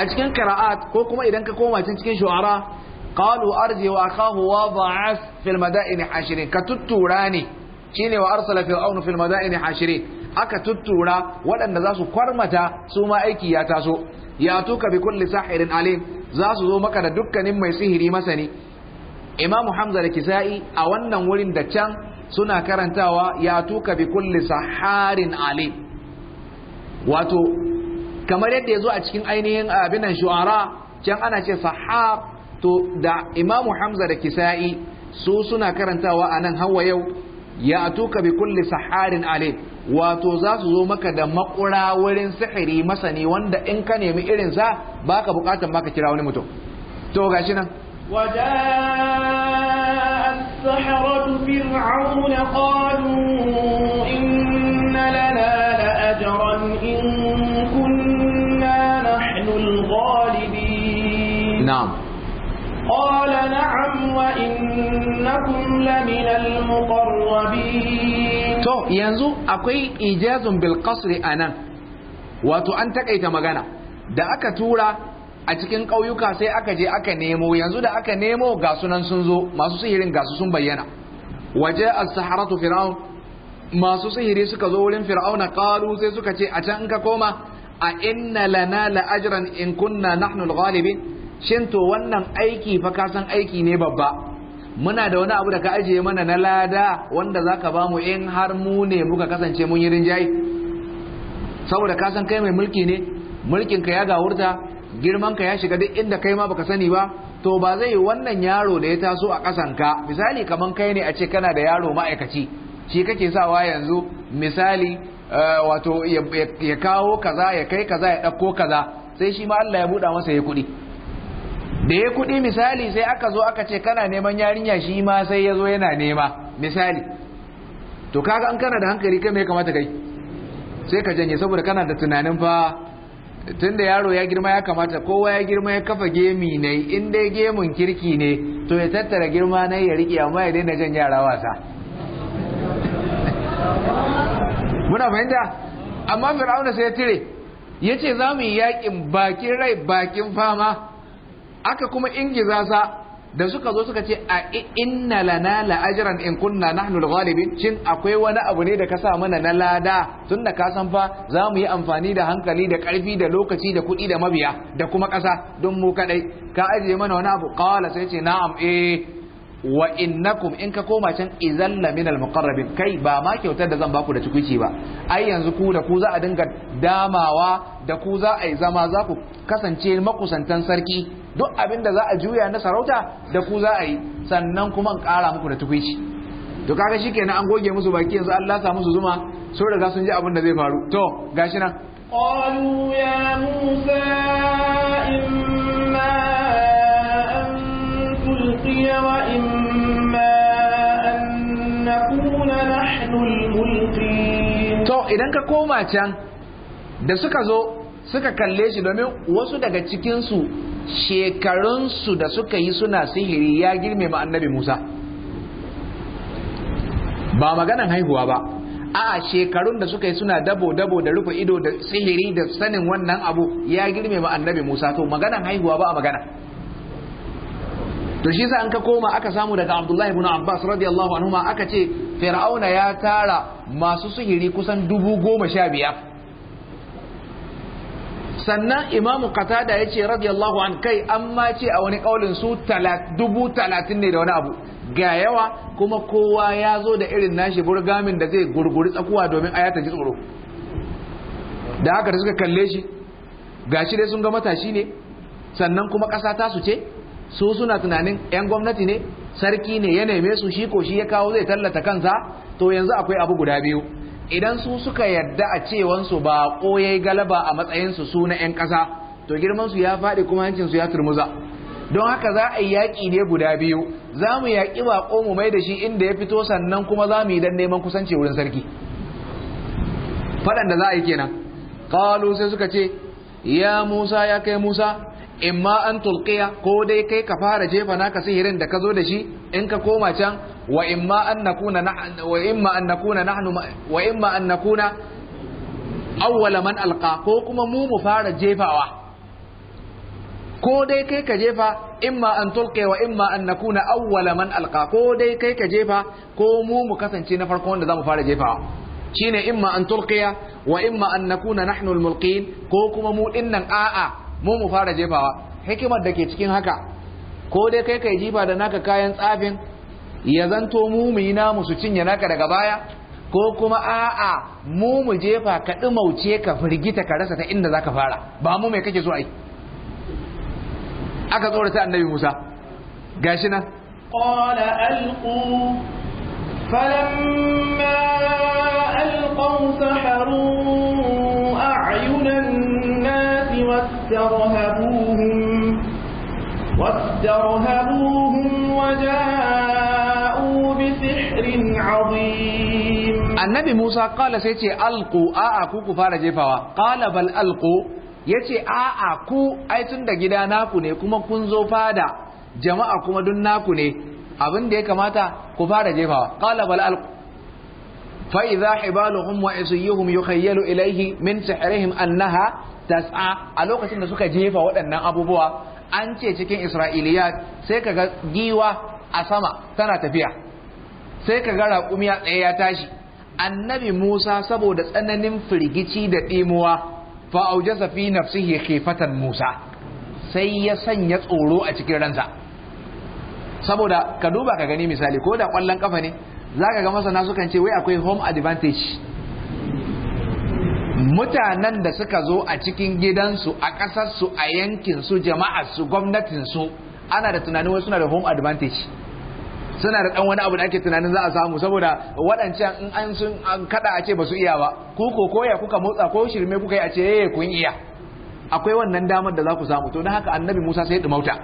a cikin kara'at ko kuma idan ka koma cikin shu'ara qalu arji wa akahu wa da'af fil madaini hashirin ka tuttura ne shine wa arsala fir'aunu fil madaini aka tuttura waɗanda za su kwarmata su ma aiki ya taso ya tuka bi kulli sahirin alim za su zo maka da dukkanin mai sihiri masani imamu hamza da kisa'i a wannan wurin da can suna karantawa ya tuka bi kulli saharin alim wato kamar yadda ya zo a cikin ainihin abinan shu'ara can ana ce sahar to da imamu hamza da kisa'i su suna karantawa a nan hawa yau ya tuka bi kulli saharin alim wato za su zo maka da makura wurin sihiri masani wanda in ka nemi irinsa baka bukatan maka kira wani mutum to gashi nan وجاء السحرة فرعون قالوا إن لنا لأجرا إن كنا نحن الغالبين نعم قال نعم وإنكم لمن المقربين تو ينزو أقوي إيجاز بالقصر أنا وتو أنتك أيت مغانا da aka tura a cikin ƙauyuka sai aka je aka nemo yanzu da aka nemo ga sunan sun zo masu sihirin gasu sun bayyana waje as-saharatu fir'aun masu sihiri suka zo wurin fir'auna qalu sai suka ce a can in ka koma a inna lana la ajran in kunna nahnu al-ghalibin shin to wannan aiki fa ka san aiki ne babba muna da wani abu da ka ajiye mana na lada wanda zaka ba mu in har mu ne muka kasance mun yi rinjaye saboda ka san kai mai mulki ne mulkin ka ya gawurta girman ka ya shiga duk inda kai ma baka sani ba to ba zai yi wannan yaro da ya taso a kasan ka misali kaman kai ne a ce kana da yaro ma'aikaci shi kake sawa yanzu misali eh, wato ya kawo kaza ya kai kaza ya ɗauko kaza sai shi ma Allah ya buɗa masa ya kuɗi da ya kuɗi misali sai aka zo aka ce kana neman yarinya shi ma sai ya zo yana nema misali to kaga an kana da hankali kai mai kamata kai sai ka janye saboda kana da tunanin fa tunda yaro ya girma ya kamata kowa ya girma ya kafa gemi ne in dai gemun kirki ne to ya tattara girma na ya riƙe amma ya daina jan yara wasa muna fahimta amma fir'auna sai ya tire ya ce za mu yi yaƙin bakin rai bakin fama aka kuma ingiza sa da suka zo suka ce a inna lana la ajran in kunna nahnu al-ghalibin shin akwai wani abu ne da ka sa mana na lada tunda ka san fa za mu yi amfani da hankali da karfi da lokaci da kuɗi da mabiya da kuma ƙasa don mu kadai ka ajiye mana wani abu qala sai ce na'am eh wa innakum in ka koma can idan na min al kai ba ma kyautar da zan baku da cikuci ba ai yanzu ku da ku za a dinga damawa da ku za a yi zama za ku kasance makusantan sarki duk abin da za a juya na sarauta da ku za a yi sannan kuma in kara muku da tukuci to kaga shikenan an goge musu baki yanzu Allah sa musu zuma sun riga sun ji abin da zai faru to gashi nan qalu ya musa مريم idan ka koma can تو ka koma can, da suka zo suka kalle shi domin wasu daga cikinsu shekarunsu da suka yi suna sihiri ya girme ma annabi Musa ba maganan haihuwa ba a shekarun da suka yi suna dabo-dabo da rufe ido da sihiri da sanin wannan abu ya girme ma annabi Musa to maganan haihuwa ba a magana to shi sa an ka koma aka samu daga abdullahi ibn abbas radiyallahu anhu ma aka ce fir'auna ya tara masu sihiri kusan dubu goma sha biyar sannan imamu qatada ya ce radiyallahu an kai an ma ce a wani kaulin su dubu talatin ne da wani abu ga yawa kuma kowa ya zo da irin nashi burgamin da zai gurguri tsakuwa domin ayata ji tsoro da haka da suka kalle shi gashi dai sun ga matashi ne sannan kuma ƙasa ta su ce su suna tunanin 'yan gwamnati ne sarki ne ya neme su shi ko shi ya kawo zai tallata kansa to yanzu akwai abu guda biyu idan su suka yadda a cewansu ba koyai galaba a matsayinsu su na 'yan ƙasa to girman su ya faɗi kuma hancinsu ya turmuza don haka za a yi yaƙi ne guda biyu za mu yaƙi baƙo mu mai da shi inda ya fito sannan kuma za mu yi don neman kusanci wurin sarki faɗan da za a yi kenan ƙalu sai suka ce ya musa ya kai musa in ma an tulqiya ko dai kai ka fara jefa naka sihirin da ka zo da shi in ka koma can wa in ma an nakuna wa in ma an nakuna nahnu wa in ma an nakuna awwala man alqa ko kuma mu mu fara jefawa ko dai kai ka jefa in ma an tulqiya wa in ma an nakuna awwala man alqa ko dai kai ka jefa ko mu mu kasance na farko wanda zamu fara jefawa shine imma an tulqiya wa imma an nakuna nahnu almulqin ko kuma mu dinnan a'a mu mu fara jefawa hikimar da ke cikin haka ko dai kai kai jifa da naka kayan tsafin ya zanto mu mu yi namu su cinye naka daga baya ko kuma a'a mu mu jefa ka dumauce ka firgita ka rasa ta inda zaka fara ba mu mai kake so ai aka tsorata annabi Musa gashi nan qala alqu falamma alqaw saharun واسترهبوهم واسترهبوهم وجاءوا بسحر عظيم النبي موسى قال سيتي ألقوا آآكو كفار جفوا قال بل ألقوا yace a'a ku ai tun da gida naku ne kuma kun zo fada jama'a kuma dun naku ne abin da ya kamata ku fara jefawa qala bal alqu فإذا حبالهم وعصيهم يخيل إليه من سحرهم أنها tas'a a lokacin da suka jefa waɗannan abubuwa an ce cikin isra'iliya sai ka ga giwa a sama tana tafiya sai ka kaga raƙumiya tsaye ya tashi annabi Musa saboda tsananin firgici da ɗimuwa fa aujasa fi nafsihi khifatan Musa sai ya sanya tsoro a cikin ransa saboda ka duba ka gani misali ko da ƙwallon kafa ne za ka ga masana sukan ce wai akwai home advantage mutanen da suka zo a cikin gidansu a ƙasarsu a yankinsu jama'arsu gwamnatinsu ana da tunanin wasu suna da home advantage suna da ɗan wani abu da ake tunanin za a samu saboda waɗancan in an sun an kaɗa a ce ba su iya ba ku ko koya kuka motsa ko shirme kuka yi a ce eh kun iya akwai wannan damar da za ku samu to don haka annabi musa sai ɗumauta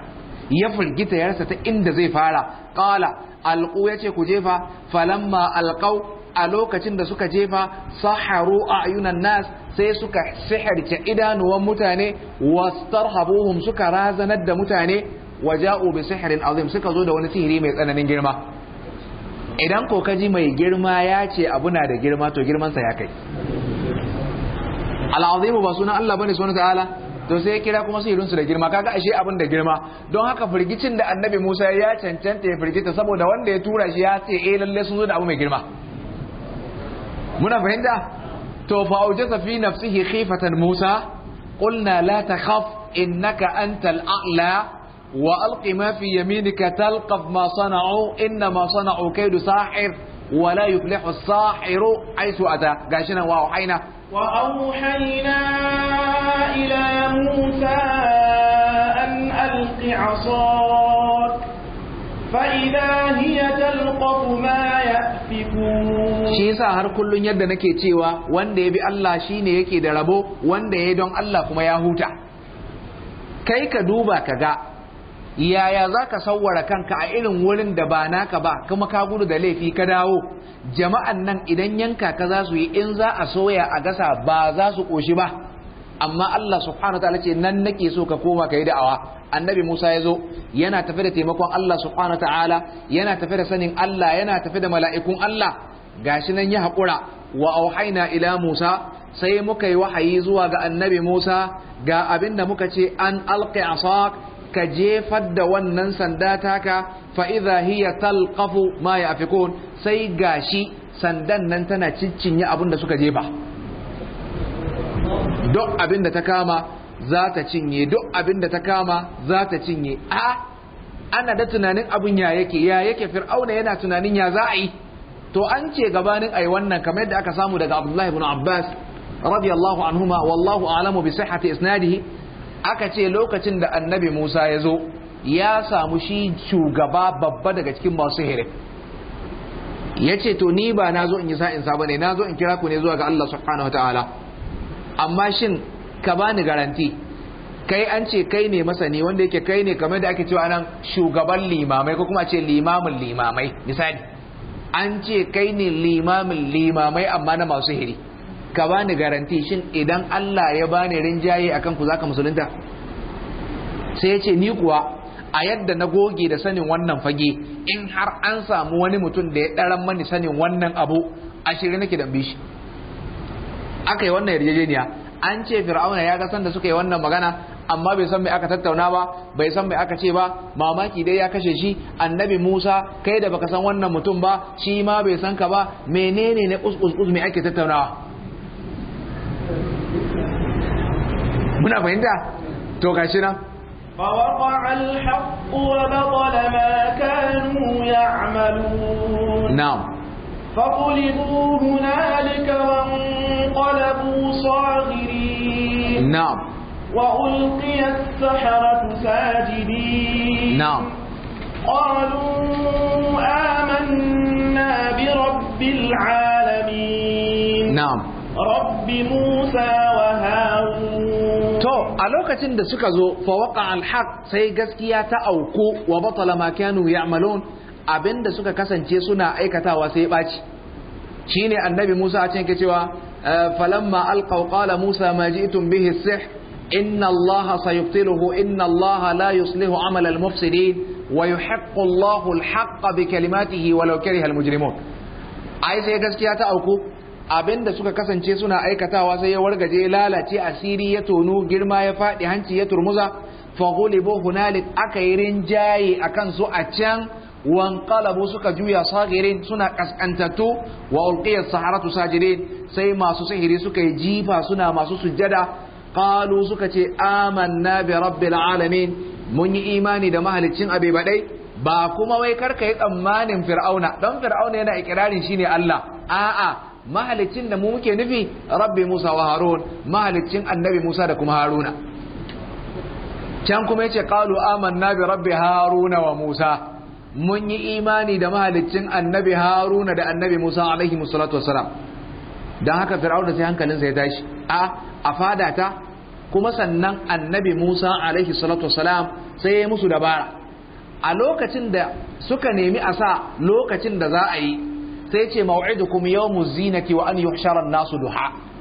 ya firgita yarsa ta inda zai fara ƙala alƙu ya ce ku jefa falamma alƙau a lokacin da suka jefa saharu a ayunan nas sai suka sihirce idanuwan mutane habuhun suka razanar da mutane waje bi sihirin azim suka zo da wani sihiri mai tsananin girma idan kokaji mai girma ya ce abu na da girma to girmansa ya kai al'azimu ba sunan Allah bane sunan ta'ala to sai ya kira kuma sihirinsu da girma kaga ashe abin da girma don haka firgicin da annabi Musa ya cancanta ya firgita saboda wanda ya tura shi ya ce eh lalle sun zo da abu mai girma منا بهندا تو فاوجد في نفسه خيفة موسى قلنا لا تخف إنك أنت الأعلى وألق ما في يمينك تلقف ما صنعوا إنما صنعوا كيد ساحر ولا يفلح الساحر حيث أتى قاشنا وأوحينا وأوحينا إلى موسى أن ألق عصاك shi yasa har kullum yadda nake cewa wanda ya bi Allah shine yake da rabo wanda ya don Allah kuma ya huta kai ka duba ka ga yaya za ka sauwara kanka a irin wurin da ba naka ba kuma ka gudu da laifi ka dawo jama'an nan idan yanka ka za su yi in za a soya a gasa ba za su ƙoshi ba amma Allah subhanahu wataala ce nan nake so ka koma ka yi da'awa annabi Musa ya zo yana tafe da taimakon Allah subhanahu wataala yana tafe da sanin Allah yana tafe da mala'ikun Allah gashi nan ya haƙura wa auhaina ila Musa sai muka yi wahayi zuwa ga annabi Musa ga abin da muka ce an alqi asa ka jefar da wannan sanda taka fa idza hiya talqafu ma yafikun sai gashi sandan nan tana ciccinye abin da suka jefa duk abin da ta kama za ta cinye duk abin da ta kama za ta cinye a ana da tunanin abin ya yake ya yake fir'auna yana tunanin ya za a yi to an ce gabanin ai wannan kamar yadda aka samu daga abdullahi ibn abbas radiyallahu anhuma wallahu a'lamu bi sihhati isnadihi aka ce lokacin da annabi musa ya zo ya samu shi shugaba babba daga cikin masu hirin ya ce to ni ba na zo in yi sa'insa ba ne na zo in kira ku ne zuwa ga Allah subhanahu wa amma shin ka bani garanti kai an ce kai ne masani wanda yake kai ne kamar da ake cewa nan shugaban limamai ko kuma ce limamin limamai misali an ce kai ne limamin limamai amma na masu hiri ka bani garanti shin idan Allah ya bani rinjaye akan ku zaka musulunta sai ya ce ni kuwa a yadda na goge da sanin wannan fage in har an samu wani mutum da ya ɗaran mani sanin wannan abu ashirin nake dambe shi aka yi wannan yarjejeniya an ce fir'auna ya ga sanda suka yi wannan magana amma bai san mai aka tattauna ba bai san mai aka ce ba mamaki dai ya kashe shi annabi Musa kai da baka san wannan mutum ba shi ma bai san ka ba menene ne uskus mai ake tattaunawa muna fahimta to gashi nan فوقع الحق وبطل ما كانوا يعملون نعم فغلبوا هنالك وانقلبوا صاغرين نعم وألقي السحرة ساجدين نعم قالوا آمنا برب العالمين نعم رب موسى وهارون تو ألوكا تندسكازو فوقع الحق zo fa waqa وبطل ما كانوا يعملون abinda suka kasance suna aikatawa sai baci shi shine annabi Musa a cikin cewa eh, falamma alqaw Musa ma ji'tum bihi sihr inna Allah sayubtiluhu inna Allah la yuslihu amal al-mufsidin wa yuhiqqu Allah al-haqqa bi kalimatihi walau kariha al-mujrimun ai sai gaskiya ta auku abinda suka kasance suna aikatawa sai ya wargaje lalace asiri ya tono girma ya faɗi hanci ya turmuza fagulibo hunalik aka yi rinjaye a kansu a can wanqalabu suka juya sahirin suna kaskantattu wa ulqiya saharatu sajirin sai masu sihiri suka yi jifa suna masu sujjada qalu suka ce amanna bi rabbil alamin mun yi imani da mahaliccin abe badai ba kuma wai karka yi tsammanin fir'auna dan fir'auna yana ikirarin shine Allah a'a mahalicin da mu muke nufi rabbi Musa wa Harun mahalicin annabi Musa da kuma Haruna can kuma yace qalu amanna bi rabbi Haruna wa Musa mun yi imani da mahalicin annabi haruna da annabi musa alaihi musallatu wasalam don haka fir'auna sai hankalinsa ya tashi a a fadata kuma sannan annabi musa alaihi salatu wasalam sai ya musu dabara a lokacin da suka nemi a sa lokacin da za a yi sai ce mau'idukum kuma zinati wa an wa an-nasu duha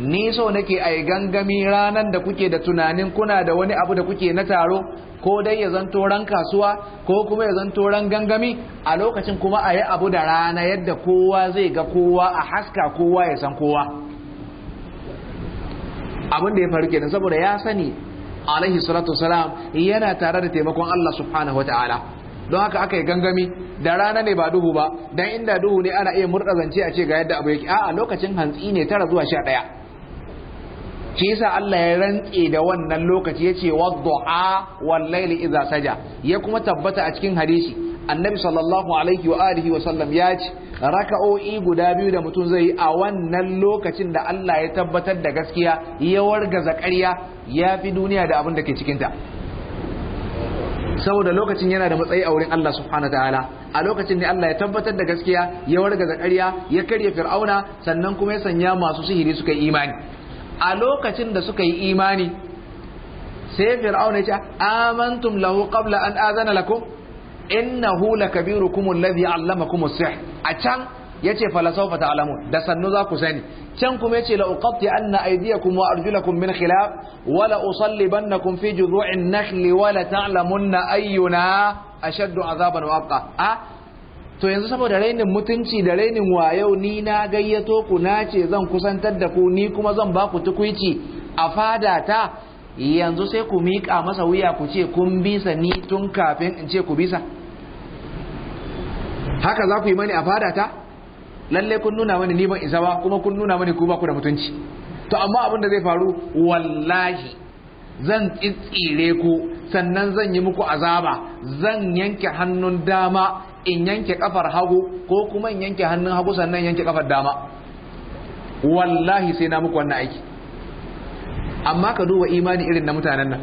ni so nake a yi gangami ranar da kuke da tunanin kuna da wani abu da kuke na taro ko dai ya zanto ran kasuwa ko kuma ya zanto ran gangami a lokacin kuma a yi abu da rana yadda kowa zai ga kowa a haska kowa ya san kowa abin da ya faru kenan saboda ya sani alaihi salatu salam, yana tare da taimakon Allah subhanahu wataala don haka aka yi gangami da rana ne ba duhu ba dan inda duhu ne ana iya murda zance a ce ga yadda abu yake a'a lokacin hantsi ne tara zuwa sha ɗaya shi yasa Allah ya rantse da wannan lokaci yace du'a wal layli idza saja ya kuma tabbata a cikin hadisi annabi sallallahu alaihi wa alihi wa sallam ya ce raka'o'i guda biyu da mutum zai yi a wannan lokacin da Allah ya tabbatar da gaskiya ya wargaza ƙarya ya fi duniya da abin da ke cikinta saboda lokacin yana da matsayi a wurin Allah subhanahu ta'ala a lokacin ne Allah ya tabbatar da gaskiya ya wargaza ƙarya ya karya fir'auna sannan kuma ya sanya masu sihiri suka yi imani a lokacin da suka yi imani sai fir'aun ya ce amantum lahu qabla an azana lakum innahu lakabirukum alladhi allamakum as-sihr a can yace fala sawfa ta'lamun da sannu za ku sani can kuma yace la uqatti anna aydiyakum wa arjulakum min khilaf wa la usallibannakum fi juzu'in nakhli wa la ta'lamunna ayyuna ashaddu azaban wa abqa a to yanzu saboda rainin mutunci da rainin wayau ni na gayyato ku na ce zan kusantar da ku ni kuma zan ba ku tukwici a fada yanzu sai ku miƙa masa wuya ku ce kun bisa ni tun kafin in ce ku bisa haka za ku yi mani a fada lalle kun nuna mani ni ban isa ba kuma kun nuna mani ku ku da mutunci to amma abin da zai faru wallahi zan tsitsire ku sannan zan yi muku azaba zan yanke hannun dama in yanke kafar hagu ko kuma in yanke hannun hagu sannan yanke kafar dama wallahi sai na muku wannan aiki amma ka duba imani irin na mutanen nan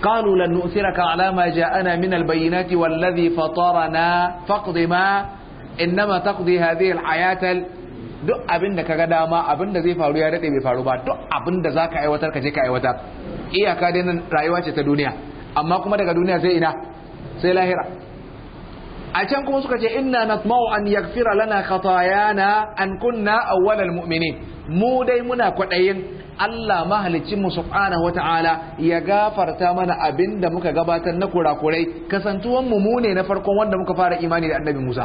قالوا kan alama على ana جاءنا من البينات والذي faqdi ma ما إنما تقضي هذه الحياة duk abinda kaga dama abinda zai faru ya dade bai faru ba duk abinda da zaka aiwatar ka je ka aiwatar iyaka dai nan rayuwa ce ta duniya amma kuma daga duniya sai ina sai lahira a can kuma suka ce inna natma'u an yaghfira lana khatayana an kunna awwalal mu'minin mu dai muna kwaɗayin. Allah mahalicin mu subhanahu wata'ala ya gafarta mana abin da muka gabatar na kurakurai kasantuwan mu mu ne na farkon wanda muka fara imani da annabi Musa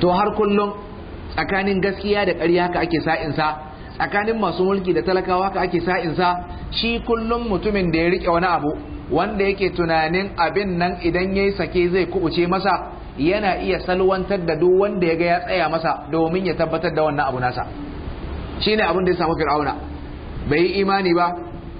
to har kullum tsakanin gaskiya da ƙarya haka ake sa'in tsakanin masu mulki da talakawa haka ake sa'in shi kullum mutumin da ya rike wani abu wanda yake tunanin abin nan idan yayi sake zai kubuce masa yana iya salwantar da duk wanda ya ga ya tsaya masa domin ya tabbatar da wannan abu nasa ne abin da ya samu fir'auna bai yi imani ba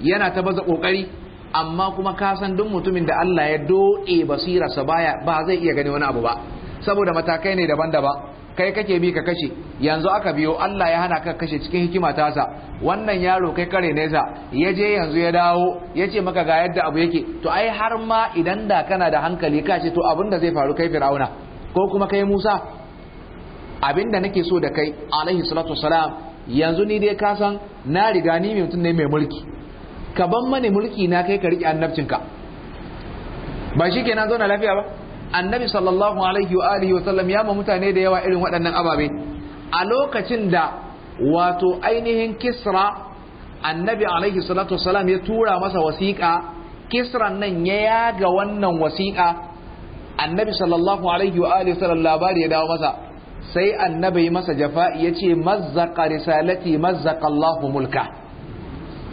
yana ta baza kokari amma kuma ka san duk mutumin da Allah ya doɗe basirarsa baya ba zai iya gani wani abu ba saboda matakai ne daban-daban kai kake bi ka kashe yanzu aka biyo Allah ya hana ka kashe cikin hikima sa. wannan yaro kai kare ne za ya je yanzu ya dawo ya ce maka ga yadda abu yake to ai har ma idan da kana da hankali ka ce to abin da zai faru kai firauna ko kuma kai musa abin da nake so da kai alaihi salatu wasalam yanzu ni dai ka san na riga ni mai mutum ne mai mulki ka ban mani mulki na kai ka riƙe annabcinka ba shi kenan na lafiya ba annabi sallallahu alaihi wa alihi wa sallam ya ma mutane da yawa irin waɗannan ababe a lokacin da wato ainihin kisra annabi alaihi salatu wasalam ya tura masa wasiƙa kisran nan ya yaga wannan wasiƙa annabi sallallahu alaihi wa alihi labari ya dawo masa sai annabi masa jafa'i ya ce mazzaqa risalati mazzaqa Allahu mulka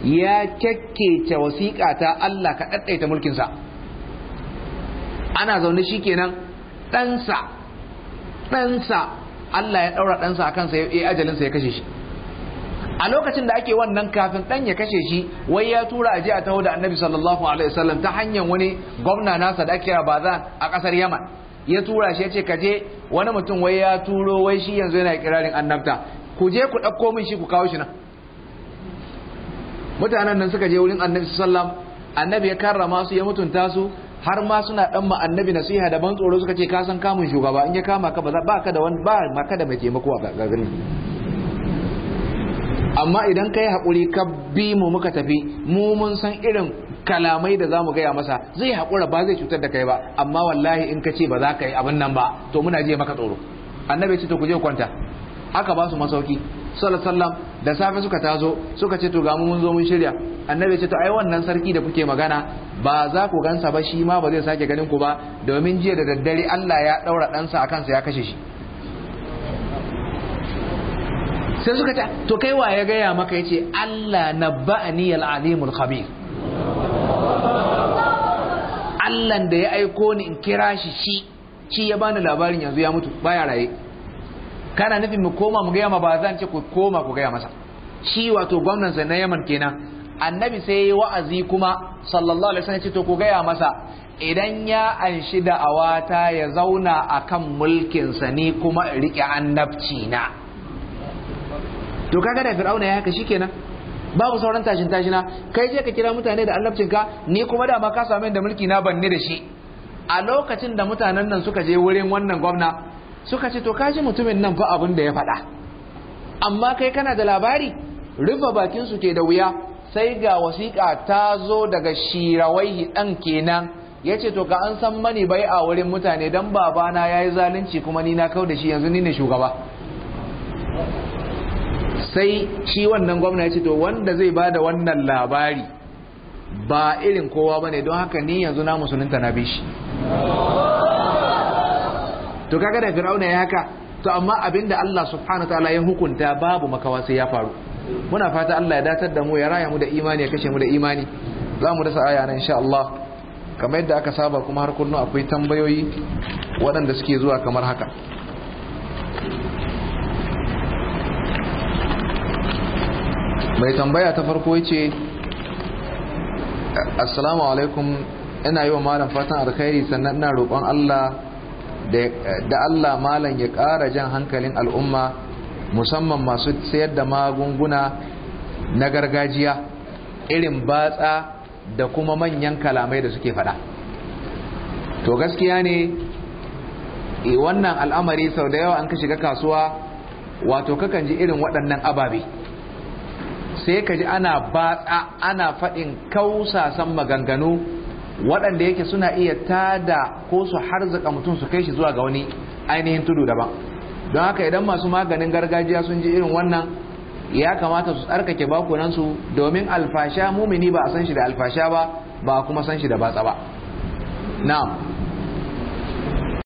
ya kekkece wasiƙata Allah ka daddaita mulkinsa ana zaune shi kenan ɗansa ɗansa Allah ya ɗaura ɗansa a kansa ya ajalinsa ya kashe shi a lokacin da ake wannan kafin ɗan ya kashe shi wai ya tura a a taho da annabi sallallahu alaihi wasallam ta hanyar wani gwamna nasa da ake kira baza a ƙasar yaman ya tura shi ya ce kaje wani mutum wai ya turo wai shi yanzu yana kirarin annabta ku je ku ɗauko min shi ku kawo shi nan mutanen nan suka je wurin annabi wasallam annabi ya karrama su ya mutunta su har ma suna dan ma annabi nasiha da ban tsoro suka ce ka san kamun shugaba in ya kama ka ba ba ka da wani ba ma ka da mai taimako a gagarin amma idan kai hakuri ka bi mu muka tafi mu mun san irin kalamai da zamu gaya masa zai hakura ba zai cutar da kai ba amma wallahi in ka ce ba za ka yi abin nan ba to muna jiya maka tsoro annabi ce to ku je kwanta aka ba su masauki sallallahu alaihi da safe suka tazo suka ce to ga mu mun zo mun shirya annabi ce to ai wannan sarki da kuke magana ba za ku gansa ba shi ma ba zai sake ganin ku ba domin jiya da daddare Allah ya daura ɗansa a kansa ya kashe shi sai suka ta to kai wa ya gaya maka ya ce Allah na ba'ani al'alimul khabir Allah da ya aiko ni in kira shi shi shi ya bani labarin yanzu ya mutu baya raye kana nufin mu koma mu gaya ma ba zan ce ku koma ku gaya masa shi wato gwamnan sa na Yaman kenan annabi sai yi wa'azi kuma sallallahu alaihi wasallam ya ce to ku gaya masa idan ya anshi da awata ya zauna a kan mulkinsa ni kuma in rike annabci na to kaga da fir'auna ya haka kenan babu sauran tashin tashina kai je ka kira mutane da annabcinka ni kuma da ma ka same da mulki na banne da shi a lokacin da mutanen nan suka je wurin wannan gwamna suka ce to ji mutumin nan fa abin da ya faɗa amma kai kana da labari rufe bakin su ke da wuya sai ga wasiƙa ta zo daga shirawaihi ɗan kenan ya ce to ka an san mani bai a wurin mutane don babana ya yi zalunci kuma ni na kau da shi yanzu ni ne shugaba sai shi wannan gwamna ya ce to wanda zai ba da wannan labari ba irin kowa ba ne don haka ni yanzu na musulunta na bishi to kaga da fir'auna ya haka to amma abinda Allah subhanahu ta'ala ya hukunta babu makawa sai ya faru muna fata Allah ya datar da mu ya raya mu da imani ya kashe mu da imani za mu rasa aya nan insha Allah kamar yadda aka saba kuma har kullum akwai tambayoyi waɗanda suke zuwa kamar haka mai tambaya ta farko ce assalamu alaikum ina yi wa malam fatan alkhairi sannan ina roƙon Allah da Allah malam ya ƙara jan hankalin al'umma musamman masu sayar da magunguna na gargajiya irin batsa da kuma manyan kalamai da suke fada to gaskiya ne e, wannan al'amari sau da yawa an ka shiga kasuwa wato kakan ji irin waɗannan ababe sai ka ji ana batsa ana faɗin kausasan maganganu waɗanda yake suna iya tada ko su harzuka mutum su kai shi zuwa ga wani ainihin tudu daban don haka idan masu maganin gargajiya sun ji irin wannan ya kamata su tsarkake bakunansu domin alfasha mumini ba a san shi da alfasha ba ba kuma san shi da batsa ba na.